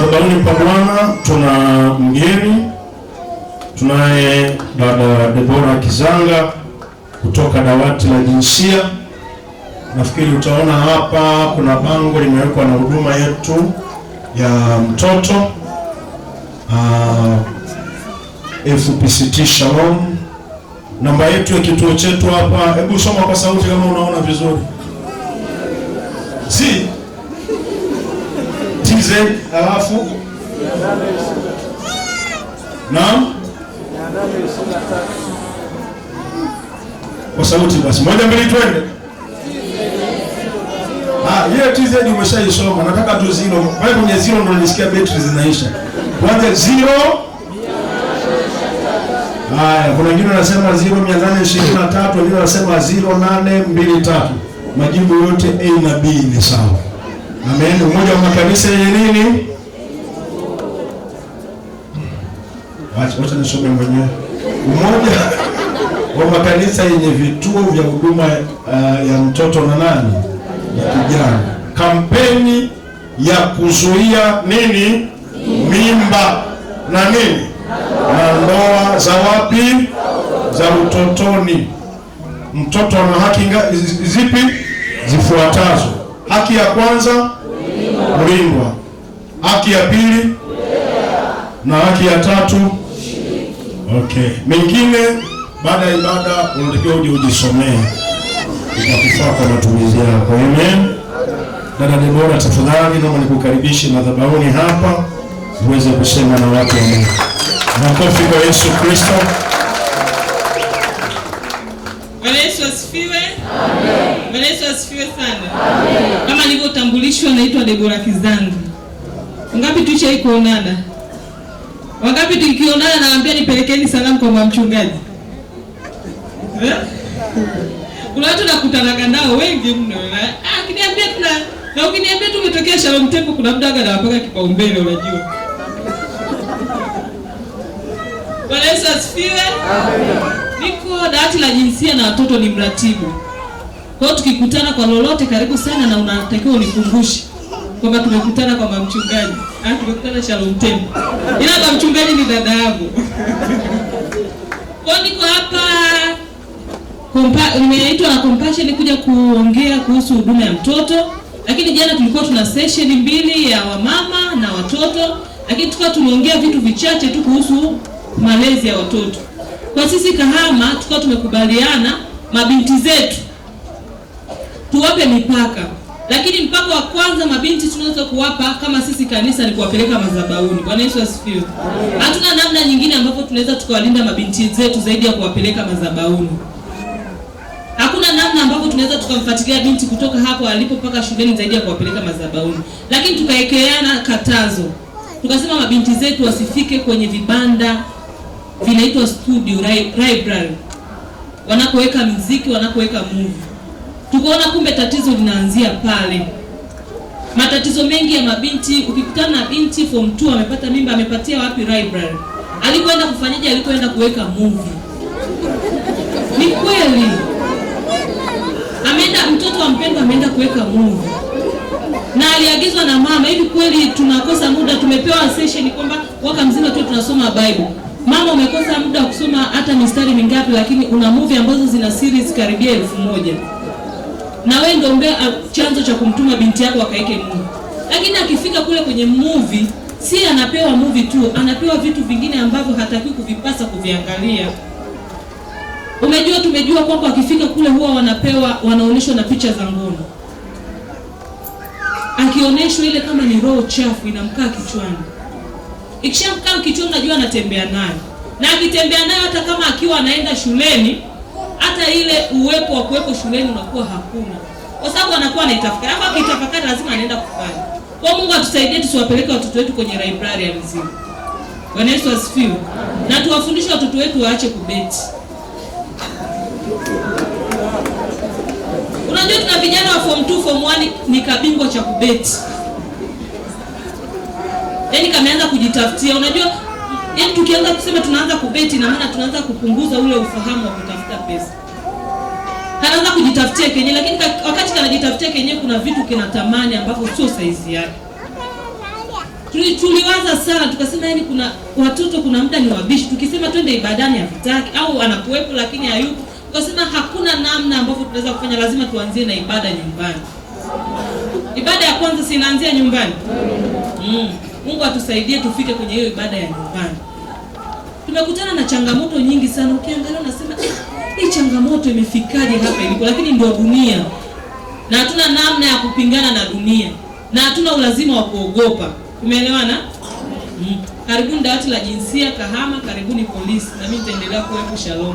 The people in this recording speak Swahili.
Madaoni kwa Bwana tuna mgeni, tunaye dada Debora Kizanga kutoka dawati la jinsia. Nafikiri utaona hapa kuna bango limewekwa na huduma yetu ya mtoto uh, ah, FPCT Shalom. Namba yetu ya kituo chetu hapa, hebu soma kwa sauti kama unaona vizuri. Si tusikilize, halafu naam, kwa sauti basi, moja mbili, twende. Hiyo TZ umeshaisoma, nataka tu zero pale kwenye zero, ndo nisikia betri zinaisha. Kwanza zero Haya, kuna wengine wanasema 0823 wengine wanasema 0823. Majibu yote A na B ni sawa. Amen. Umoja wa makanisa yenye nini? Wacha nisome mwenyewe. Umoja wa makanisa yenye vituo vya huduma uh, ya mtoto na nani ya kijana. Kampeni ya kuzuia nini mimba na nini na ndoa za wapi za utotoni. Mtoto ana haki zipi zifuatazo Haki ya kwanza kulindwa, haki ya pili na haki ya tatu okay. Mengine baada ya ibada unatakiwa uje ujisomee ikakufaa kwa matumizi yako. Amen. Dada Debora, tafadhali naomba nikukaribishe madhabahuni hapa uweze kusema na watu wa Mungu. Makofi kwa Yesu Kristo. Yesu asifiwe sana. Amen. Kama nilivyotambulishwa naitwa Debora Kizangu. Wangapi tuishai kuonana? Wangapi tukionana naambia nipelekeni salamu kwa mwa mchungaji? Eh? Kuna watu nakutana nao wengi mno. Eh? Ah, kiniambia tuna na ukiniambia tu umetokea Shalom Temple kuna muda aga anapaka kipaumbele unajua. Bwana Yesu asifiwe. Amen. Niko dawati la jinsia na watoto ni mratibu. Kwa hiyo tukikutana kwa lolote, karibu sana, na unatakiwa unikumbushe kwamba tumekutana kwa mchungaji ah, tumekutana Shalom Tembo, ila kwa mchungaji ni dada yangu. Kwa niko hapa kompa, nimeitwa na Compassion kuja kuongea kuhusu huduma ya mtoto, lakini jana tulikuwa tuna session mbili ya wamama na watoto, lakini tukawa tumeongea vitu vichache tu kuhusu malezi ya watoto. Kwa sisi Kahama tukawa tumekubaliana mabinti zetu tuwape mipaka, lakini mpaka wa kwanza mabinti tunaweza kuwapa kama sisi kanisa ni kuwapeleka madhabahuni. Bwana Yesu asifiwe. Hatuna namna nyingine ambapo tunaweza tukawalinda mabinti zetu zaidi ya kuwapeleka madhabahuni. Hakuna namna ambapo tunaweza tukamfuatilia binti kutoka hapo alipo mpaka shuleni zaidi ya kuwapeleka madhabahuni, lakini tukaekeana katazo, tukasema mabinti zetu wasifike kwenye vibanda vinaitwa studio library, wanakoweka muziki, wanakoweka movie tukaona kumbe tatizo linaanzia pale. Matatizo mengi ya mabinti, ukikutana na binti form 2 amepata mimba, amepatia wapi? Library. Alikwenda kufanyaje? Alikwenda kuweka movie. Ni kweli, ameenda mtoto wa mpendwa ameenda kuweka movie na aliagizwa na mama. Hivi kweli tunakosa muda? Tumepewa session kwamba waka mzima tu tunasoma Bible. Mama, umekosa muda wa kusoma hata mistari mingapi? Lakini una movie ambazo zina series karibia elfu moja na wewe ndio mbea ah, chanzo cha kumtuma binti yako akaeke movie. Lakini akifika kule kwenye movie, si anapewa movie tu, anapewa vitu vingine ambavyo hatakiwi kuvipasa kuviangalia. Umejua, tumejua kwamba akifika kule huwa wanapewa wanaonyeshwa na picha za ngono. akionyeshwa ile kama ni roho chafu inamkaa kichwani. Ikishamkaa kichwani, unajua anatembea nayo, na akitembea nayo hata kama akiwa anaenda shuleni hata ile uwepo wa kuwepo shuleni unakuwa hakuna, kwa sababu anakuwa anaitafakari, hapo akitafakari lazima anaenda kufanya. Kwa Mungu atusaidie tusiwapeleke watoto wetu kwenye library ya mzimu. Bwana Yesu asifiwe. Na tuwafundishe watoto wetu waache kubeti. Unajua tuna vijana wa form 2 form 1 ni kabingwa cha kubeti, yaani kameanza kujitafutia, unajua Yaani tukianza kusema tunaanza kubeti, na maana tunaanza kupunguza ule ufahamu wa kutafuta pesa. Anaanza kujitafutia kenye lakini wakati kanajitafutia kenye kuna vitu kinatamani ambapo sio saizi yake. Tuli, Tuliwaza sana tukasema, yani kuna watoto, kuna muda ni wabishi, tukisema twende ibadani havitaki, au anakuwepo lakini hayupo. Tukasema hakuna namna ambapo tunaweza kufanya, lazima tuanzie na ibada nyumbani. Ibada ya kwanza si inaanzia nyumbani. Mm. Mungu atusaidie tufike kwenye hiyo ibada ya nyumbani tumekutana na changamoto nyingi sana. Ukiangalia unasema ah, hii changamoto imefikaje hapa ilipo, lakini ndio dunia, na hatuna namna ya kupingana na dunia, na hatuna ulazima wa kuogopa. Umeelewana? Mm. Karibuni dawati la jinsia Kahama, karibuni polisi, na mimi nitaendelea kuwepo. Shalom.